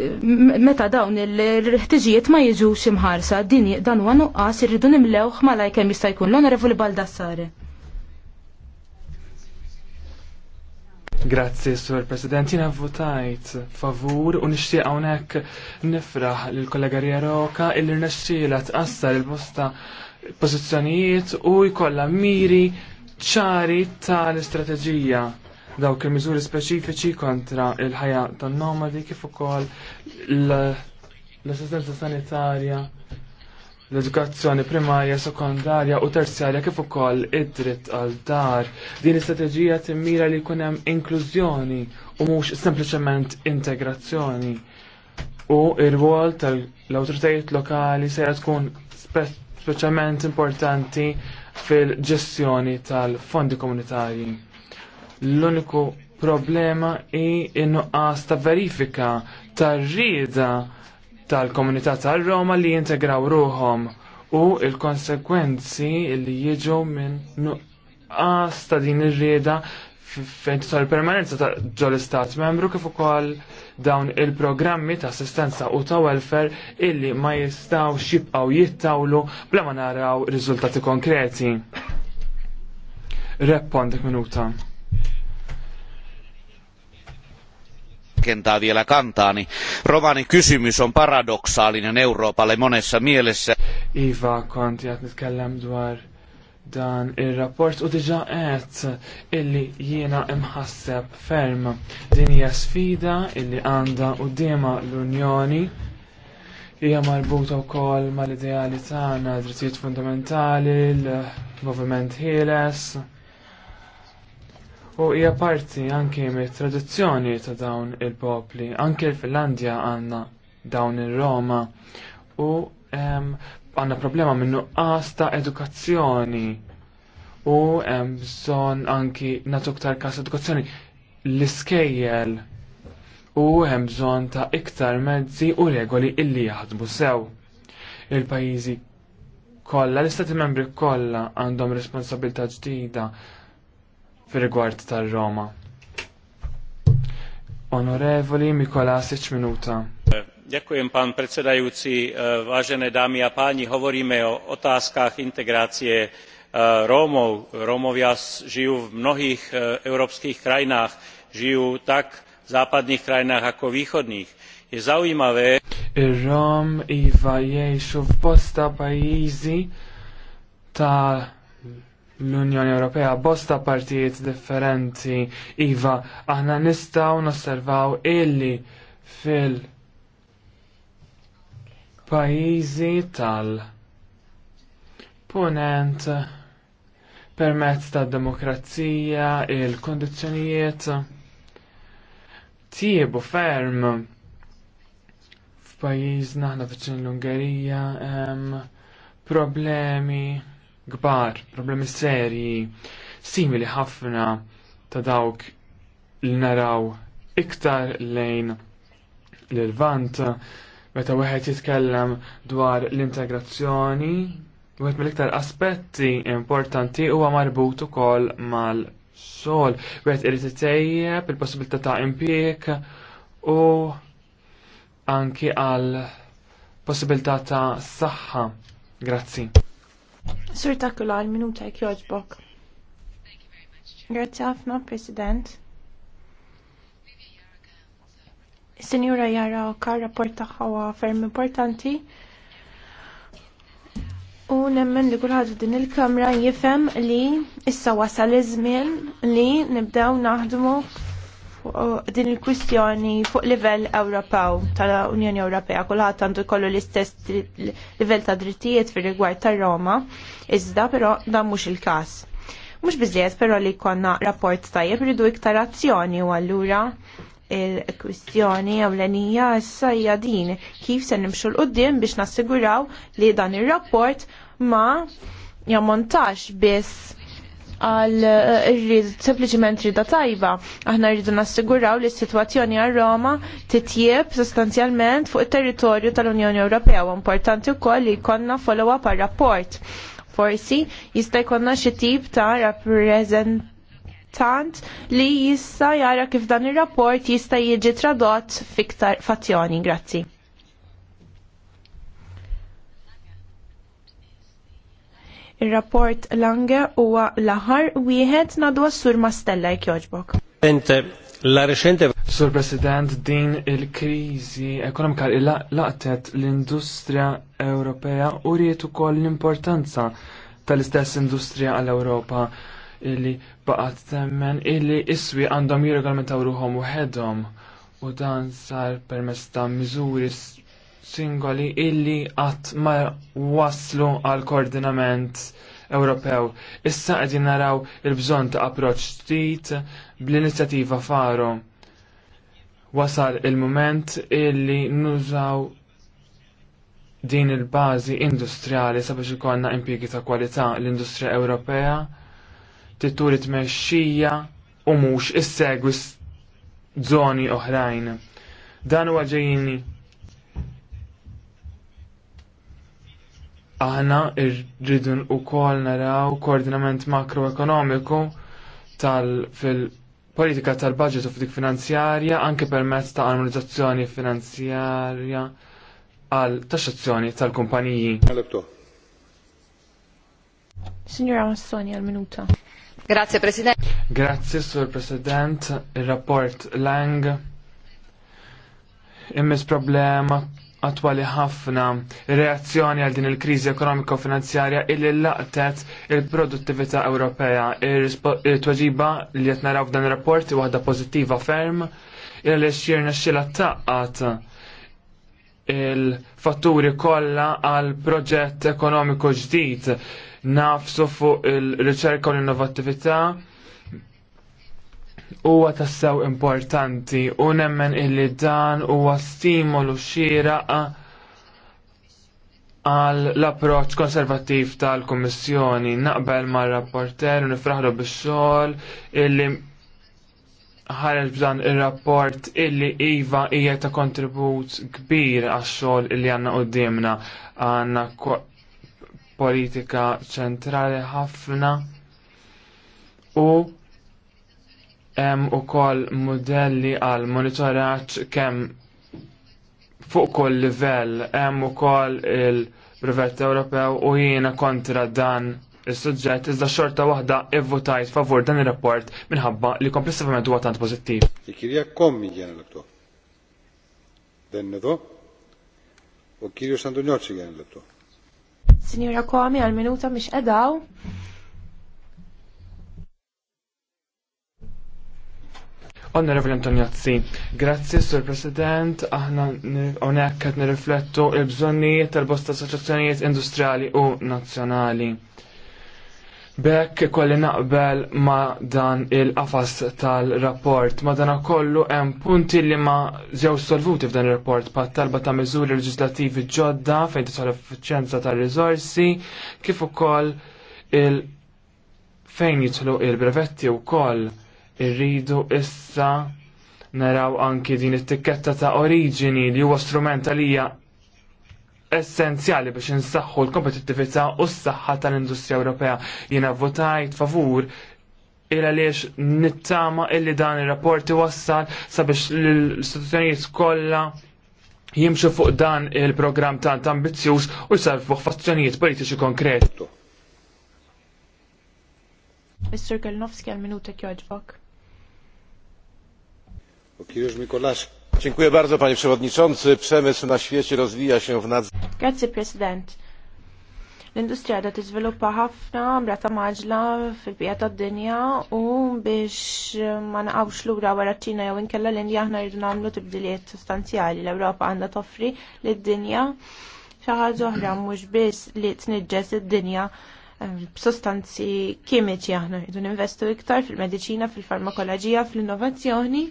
meta dawn il-ħtiġijiet ma jiġux imħarsa din dan huwa nuqqas irridu nimlew malaj kemm jista' jkun l-Onorevoli Baldassare. Grazzi, Sur President. Jina votajt favur u nixtieq hawnhekk nifraħ lill kollega Rieroka illi rnexxiela tqassar il-bosta pożizzjonijiet u jkollha miri ċari tal-istrateġija dawk il-miżuri speċifiċi kontra il-ħajja tan-nomadi kif ukoll l-assistenza sanitarja, l-edukazzjoni primarja, sekondarja u terzjarja kif ukoll id-dritt għal dar. Din l-istrateġija timmira li jkun hemm inklużjoni u mhux sempliċement integrazzjoni. U ir-rwol tal-awtoritajiet lokali se tkun speċjalment importanti fil-ġestjoni tal-fondi komunitarji. L-uniku problema i innuqqas ta' verifika ta' rrida tal-komunità tar Roma li jintegraw ruhom u il-konsekwenzi li jiġu minn nuqqas ta' din ir-rieda fejn tal-permanenza ta' ġol-istat membru kif ukoll dawn il-programmi ta' assistenza u ta' welfare illi ma jistaw xibqaw jittawlu bla ma naraw riżultati konkreti. Rep minuta. tarkentaa vielä kantaani. kysymys on paradoksaalinen Euroopalle monessa mielessä. Iva, konti, nitkellem dan il-rapport u diġa għet illi jiena imħasseb ferm. Din hija sfida illi għanda u dima l-Unjoni hija marbuta wkoll mal-ideali tagħna, drittijiet fundamentali, l movement ħieles u hija parti anke mit-tradizzjoni ta' dawn il-popli. Anke l-Finlandja għandna dawn ir-Roma u għandna problema minnu nuqqas ta' edukazzjoni u hemm bżonn anki nagħtu iktar kas edukazzjoni l-iskejjel u hemm bżonn ta' iktar mezzi u regoli illi jaħdmu sew. Il-pajjiżi kollha, l-istati membri kollha għandhom responsabilità ġdida fil rigward tal roma Onorevoli Mikolasic minuta. Ďakujem, pán predsedajúci. E, vážené dámy a páni, hovoríme o otázkach integrácie e, Rómov. Rómovia žijú v mnohých e, európskych krajinách. Žijú tak v západných krajinách ako východných. Je zaujímavé... Ir-Rom iva jiexu f'bosta pajjiżi ta' l-Unjoni Ewropea bosta partijiet differenti iva aħna nistaw nosservaw illi fil pajizi tal ponent permezz ta' demokrazija il-kondizjonijiet tiebu ferm f'pajjiżna aħna viċin l-Ungerija hemm problemi kbar, problemi serji, simili ħafna ta' dawk li naraw iktar lejn l-vant meta wieħed jitkellem dwar l-integrazzjoni Wieħed mill-iktar aspetti importanti huwa marbut ukoll mal-xogħol. Wieħed irid itejjeb il-possibilità ta' impjieg u anki għal possibilità ta' saħħa. Grazzi. Sur għal minuta jek joġbok. Grazie ħafna, President. Senjura jara ka rapport taħħa ferm importanti. U nemmen li kulħadd din il-kamra jifhem li issa wasal iż-żmien li nibdew naħdmu Eh, din il-kwistjoni fuq livell Ewropew tal-Unjoni Ewropea kulħadd għandu jkollu l-istess livell ta' drittijiet fir rigward tar-Roma, iżda però dan mhux il-każ. Mhux biżżejjed, però li jkollna rapport tajjeb ridu iktar azzjoni u allura il-kwistjoni ewlenija issa hija din kif se nimxu l qudiem biex nassiguraw li dan ir-rapport ma jammontax biss għal eh, irrid sempliciment rida tajba. Aħna rridu nassiguraw li s-sitwazzjoni għal Roma titjieb sostanzjalment fuq it-territorju tal-Unjoni Ewropea u importanti wkoll li jkollna follow-up għal rapport. Forsi jista' jkollna xi tip ta' rappreżent tant li jista jara kif dan ir rapport jista jiġi tradott fiktar fazzjoni. Grazzi. Il-rapport Lange huwa l-aħħar wieħed nadwa sur Mastella jkjoġbok. La recente... Sur President, din il-krizi ekonomika il laqtet l-industrija Ewropea u riet ukoll l-importanza tal-istess industrija għall-Ewropa illi baqgħet temmen illi iswi għandhom jirregolmentaw ruhom u ħedhom u dan sar permezz ta' miżuri singoli illi qatt ma waslu għal koordinament Ewropew. Issa qegħdin naraw il-bżonn ta' approċċ tit bl inizjativa Faro. Wasal il-moment illi nużaw din il-bażi industrijali sabiex ikollna impjiegi ta' kwalità l-industrija Ewropea titturi tmexxija u mhux issegwi żoni oħrajn. Dan huwa ġejjini Aħna rridu wkoll naraw koordinament makroekonomiku tal fil politika tal-budget u f'dik finanzjarja anke permezz ta' armonizzazzjoni finanzjarja għal taxxazzjoni tal-kumpaniji. Signora Massoni, għal minuta. Grazie, President. Grazie, Sur President. Il-rapport Lang immis problema attwali ħafna reazzjoni għal din il-kriżi ekonomika u finanzjarja illi laqtet il-produttività Ewropea. Il-tweġiba li qed naraw f'dan ir-rapport waħda pożittiva ferm illi xirna xila taqqat il-fatturi kollha għal proġett ekonomiku ġdid nafsu fuq il-riċerka u l-innovattività huwa tassew importanti u nemmen illi dan huwa stimolu xieraq għal l-approċ konservativ tal-Kommissjoni naqbel ma' rapporter u nifraħlu bix-xogħol illi ħareġ b'dan ir-rapport illi iva hija ta' kontribut kbir għax-xogħol illi għandna qudiemna għandna politika ċentrali ħafna u hemm ukoll modelli għal monitoraġġ kemm fuq kull livell hemm ukoll il brevett Ewropew u jiena kontra dan is-suġġett iżda xorta waħda ivvutajt favur dan ir-rapport minħabba li komplessivament huwa tant pożittiv. Kirja kommi ġen l Dan Dennedo. U kirju Sandunjoċi ġen l-aktu. Sinjura Komi għal-minuta mhix edaw. Onorevoli Antonjazzi, grazie Sur President, aħna onek qed nirriflettu l-bżonnijiet tal-bosta assoċjazzjonijiet industriali u nazzjonali. Bekk kolli naqbel ma dan il-qafas tal-rapport, ma dan kollu hemm punti li ma żew solvuti f'dan ir-rapport pa' talba ta' miżuri leġislativi ġodda fejn tisol effiċjenza tar-riżorsi, kif ukoll il- fejn jitlu il-brevetti u koll irridu issa naraw anki din it-tikketta ta' oriġini li huwa strument għalija essenzjali biex insaħħu l-kompetittività u s-saħħa tal-Industrija Ewropea. Jiena votajt favur il għaliex nittama illi dan ir-rapport iwassal sabiex l-istituzzjonijiet kollha jimxu fuq dan il-programm tant ambizzjuż u fuq f'azzjonijiet politiċi konkreti. Mr. Kalnowski għal minutek joġbok. Bardzo, panie przewodniczący! przemysł na L-industrija da tiżviluppa ħafna brata maġla fil-bija tad-dinja u biex um, ma naqgħux lura wara ċ-Ċina jew inkella l-Indja aħna rridu nagħmlu tibdiliet sostanzjali. L-Ewropa għandha toffri lid-dinja xi ħaġa oħra mhux biss li tniġġes id-dinja um, b'sostanzi kimiċi aħna rridu ninvestu iktar fil-mediċina, fil-farmakoloġija, fl-innovazzjoni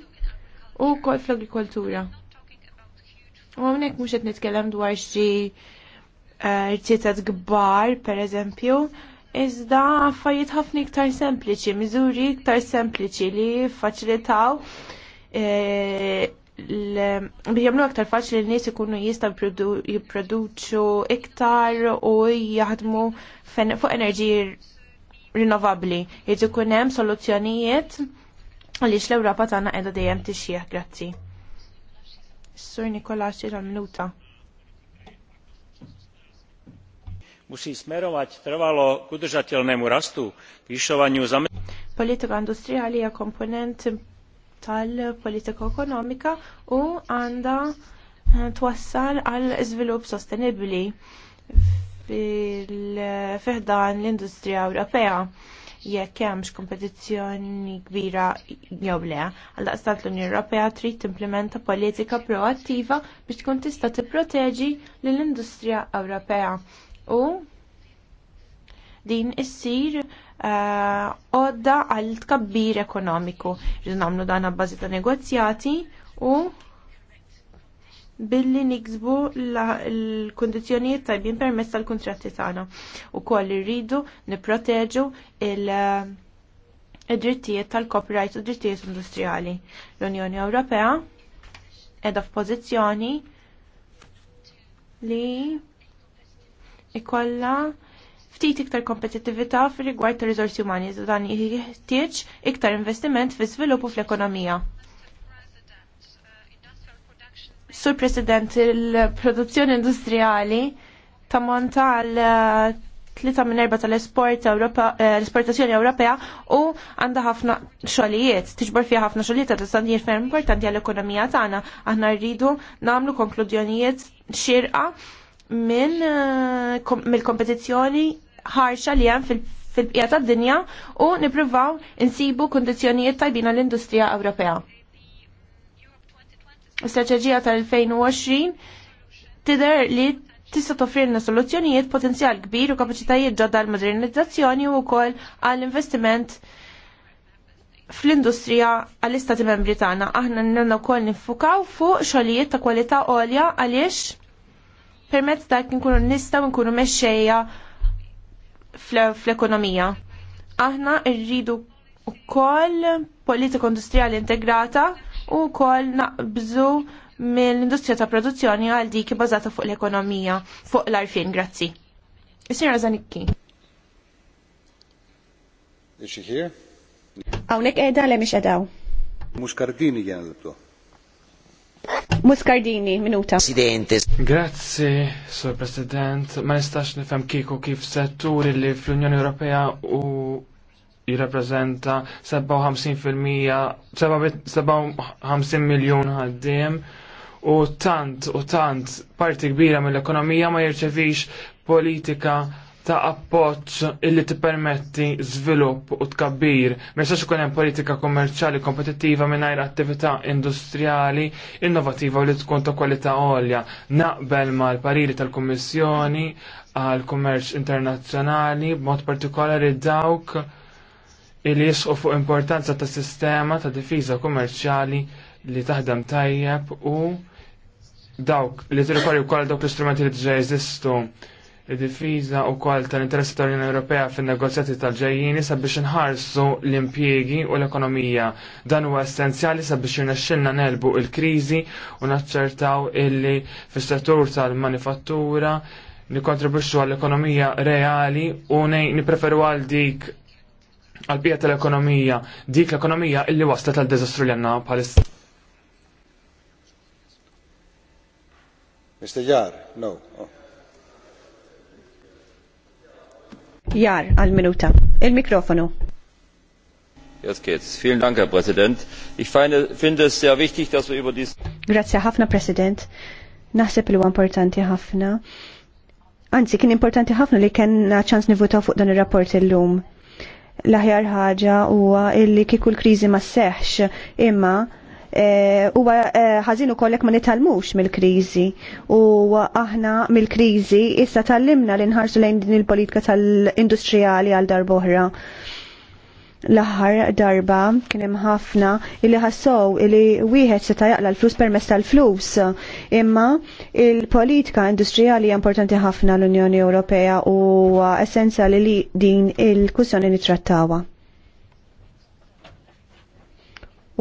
u kol fl-agrikoltura. U għamnek mux għet nitkellem dwar xi eh, rċietat gbar, per eżempju, iżda affarijiet ħafna iktar sempliċi, miżuri iktar sempliċi li faċilitaw eh, li aktar faċli li n-nies ikunu jista' jipproduċu iktar u jaħdmu fuq enerġi rinnovabli. Jiġu kunem soluzzjonijiet għaliex l-Ewropa tagħna qiegħda dejjem tixjih, grazzi. Sur Nikola Xira minuta. trvalo k udržateľnému rastu, Politika industrijali hija komponent tal-politika ekonomika u għandha eh, twassal għal iżvilupp sostenibbli fil dan l-industrija Ewropea jekk hemmx kompetizzjoni kbira jew le. Għaldaqstant l-Unjoni Ewropea trid timplementa politika proattiva biex tkun tista' tipproteġi lill-industrija Ewropea. U din issir eh, għodda għal tkabbir ekonomiku. Rridu nagħmlu dan abbażi ta' negozjati u billi niksbu l-kondizjonijiet tajbin permess tal-kontratti tagħna. koll irridu nipproteġu il- eh, id-drittijiet tal-copyright u drittijiet industrijali. L-Unjoni Ewropea edha f'pożizzjoni li ikolla ftit iktar kompetittività fir rigward ta' riżorsi umani dan jeħtieġ iktar investiment fi svilupp u fl-ekonomija. Sur President, il-produzzjoni industrijali ta'monta għal eh, tlita minn erba tal-esport eh, l-esportazzjoni Ewropea u għandha ħafna xogħlijiet, tiġbor fija ħafna xogħlijiet ta' istandijiet ferm importanti għall-ekonomija tagħna. Aħna rridu nagħmlu konkludjonijiet xirqa minn eh, mill-kompetizzjoni ħarxa li hemm fil-bqija tad-dinja u nippruvaw insibu kundizzjonijiet tajbina l-industrija Ewropea. Strateġija tal-2020 tidher li tista' toffrilna soluzzjonijiet potenzjal kbir u kapaċitajiet ġodda għal modernizzazzjoni u wkoll għall investiment fl-industrija għall-istati membri tagħna. Aħna nilna wkoll nifukaw fuq xogħlijiet ta' kwalità għolja għaliex permezz dak nkunu nistgħu nkunu mexxejja fl-ekonomija. Aħna rridu wkoll politika industrijali integrata u kol naqbżu mill-industrija ta' produzzjoni għal dik bazata fuq l-ekonomija, fuq l-arfin, grazzi. Is-sinjora Zanikki. Is she here? Għawnek edha le miex edaw. Muscardini għan l-btu. Muscardini, minuta. Presidente. Grazzi, Sur President. Ma nistax nifhem kieku kif setturi li fl-Unjoni Ewropea u jirreprezenta 57 miljon ħaddiem u tant u tant parti kbira mill-ekonomija ma jirċevix politika ta' appoċ illi t-permetti żvilupp u tkabbir. Mersa jistax ikun hemm politika kummerċjali kompetittiva mingħajr attività industrijali innovativa u li tkun ta' kwalità għolja. Naqbel mal-pariri tal-Kummissjoni għal kummerċ internazzjonali b'mod partikolari dawk il jisqu fuq importanza ta' sistema ta' difiża kummerċjali li taħdem tajjeb u dawk li tirrikori wkoll dawk l-istrumenti li diġà jeżistu id-difiża wkoll tal-interessi tal-Unjoni Ewropea fin-negozjati tal-ġejjini sabiex inħarsu l-impjiegi u l-ekonomija. Dan huwa essenzjali sabiex jirnexxilna nelbu il-kriżi u naċċertaw illi fis-settur tal-manifattura nikontribwixxu għall-ekonomija reali u nipreferu għal dik għal għalbija tal-ekonomija, dik l-ekonomija illi waslet tal deżastru li għanna palissa. Mr. Jar, no. Oh. Jar, għal-minuta. Il-mikrofonu. Jetzt geht's. Vielen Dank, Herr Präsident. Ich feine, finde es sehr wichtig, dass wir über dies... Grazie, Hafna, Präsident. Naħseb li importanti ħafna. Anzi, kien importanti ħafna li kien ċans nivutaw fuq dan il-rapport il-lum l-aħjar ħaġa huwa illi kieku l-kriżi ma seħx imma e, huwa e, ħażin ukoll ma nitalmux mill-kriżi u aħna mill-kriżi issa tallimna li nħarsu lejn din il-politika tal-industrijali għal darboħra. oħra l-aħħar darba kien hemm ħafna illi ħassow illi wieħed seta' jaqla l-flus permezz tal-flus. Imma il-politika industrijali hija importanti ħafna l-Unjoni Ewropea u essenzjali li din il-kussjoni nittrattawha.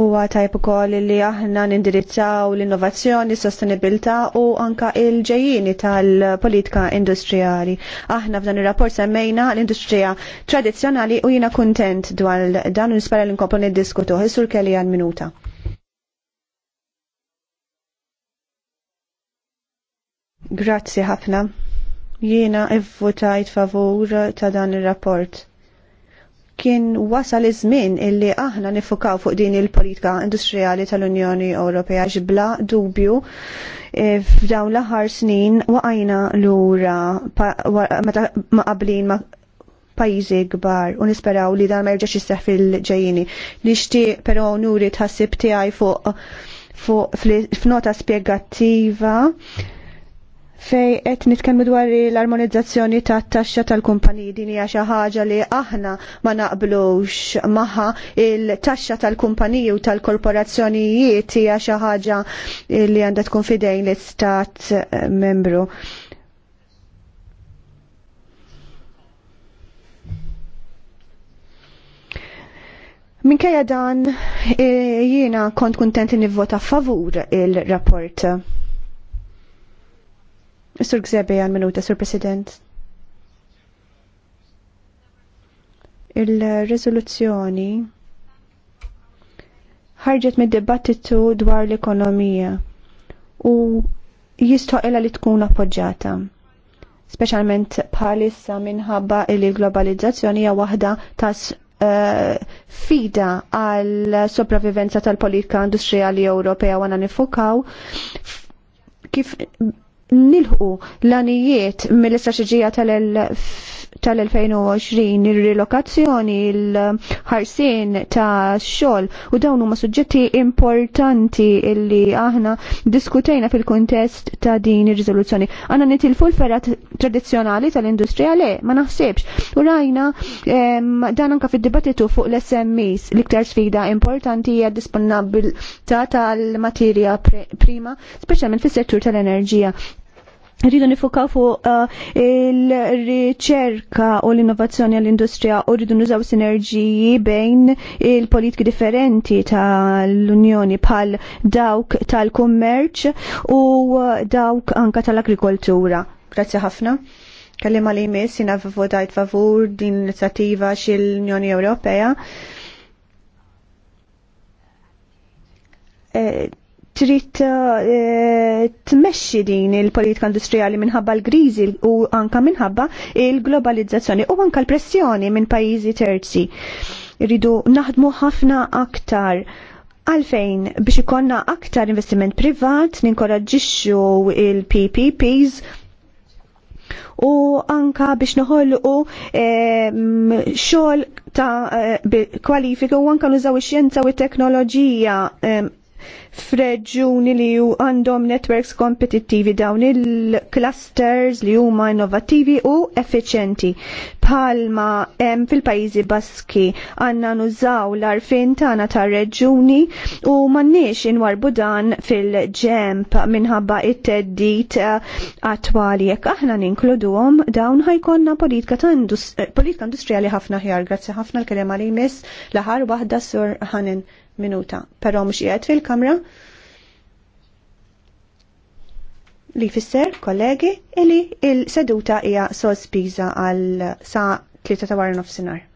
Huwa tajb ukoll li aħna nindirizzaw l-innovazzjoni, s-sostenibilità u anka il-ġejjini tal-politika industrijali. Aħna f'dan ir-rapport semmejna l-industrija tradizzjonali u jiena kuntent dwar dan u nispera li nkomplu diskutu Hissur kelli għan minuta. Grazzi ħafna. Jiena ivvutajt favur ta' dan ir-rapport kien wasal iż-żmien illi aħna nifukaw fuq din il-politika industrijali tal-Unjoni Ewropea ġibla dubju eh, f'dawn l-aħħar snin waqajna lura ma qablin ma pajjiżi kbar u nisperaw li dan ma jerġax jisseħ fil-ġejjini. Nixtieq però nuri tħassib tiegħi fuq f'nota spjegattiva fej qed nitkemmu dwar l-armonizzazzjoni tat-taxxa tal-kumpaniji din hija xi ħaġa li aħna ma naqblux magħha il-taxxa tal-kumpaniji u tal-korporazzjonijiet hija xi ħaġa li għandha tkun fidejn l-istat membru. Minkejja dan eh, jiena kont kuntent nivvota favur il-rapport. Mr. Gzebe għal minuta, Sur President. Il-rezoluzzjoni ħarġet mid-dibattitu dwar l-ekonomija u jistoqela li tkun appoġġata. Speċjalment bħalissa minħabba li globalizzazzjoni hija waħda tas uh, eh, fida għal sopravivenza tal-politika industrijali Ewropea wana nifukaw kif nilħu l-anijiet mill istraċġija tal-2020 il-relokazzjoni, il-ħarsin ta' xol u dawn huma suġġetti importanti illi aħna diskutejna fil-kontest ta' din ir-riżoluzzjoni. Għanna nitilfu l-ferra tradizjonali tal-industrija le, ma naħsibx. U rajna dan anka fil-dibattitu fuq l-SMEs l-iktar sfida importanti hija disponibilità tal-materja prima, speċjalment fis-settur tal-enerġija rridu nifukaw fuq eh, il-riċerka u l-innovazzjoni għall-industrija u rridu nużaw sinerġiji bejn il-politiki differenti tal-Unjoni bħal dawk tal-kummerċ u dawk anka tal-agrikoltura. Grazzi ħafna. Kallim għal imis jina vvodajt favur din l-inizjattiva xil-Unjoni Ewropea. Eh, trid eh, tmexxi din il-politika industrijali minħabba l-griżi u anka minħabba il-globalizzazzjoni u anka l-pressjoni minn pajjiżi terzi. Irridu naħdmu ħafna aktar għalfejn biex ikonna aktar investiment privat, ninkoraġġixxu il-PPPs u anka biex noħolqu eh, xogħol ta' eh, kwalifika u anka nużaw ix-xjenza u t-teknoloġija f'reġuni li għandhom networks kompetittivi dawn il-clusters li huma innovattivi u effiċenti. Palma em fil-pajjiżi Baski għandna nużaw l-arfin tagħna tar-reġuni u m'għandniex inwarbu dan fil-ġemp minħabba it-teddit eh, attwali jekk aħna ninkluduhom dawn ħajkonna politika politika industriali ħafna ħjar. Grazzi ħafna l-kelema li jmiss l wahda waħda sur ħanin minuta, però mhux qiegħed fil-kamra. Li fisser, kollegi, illi il-seduta hija sospiża għal sa' 3 ta' wara nofsinhar.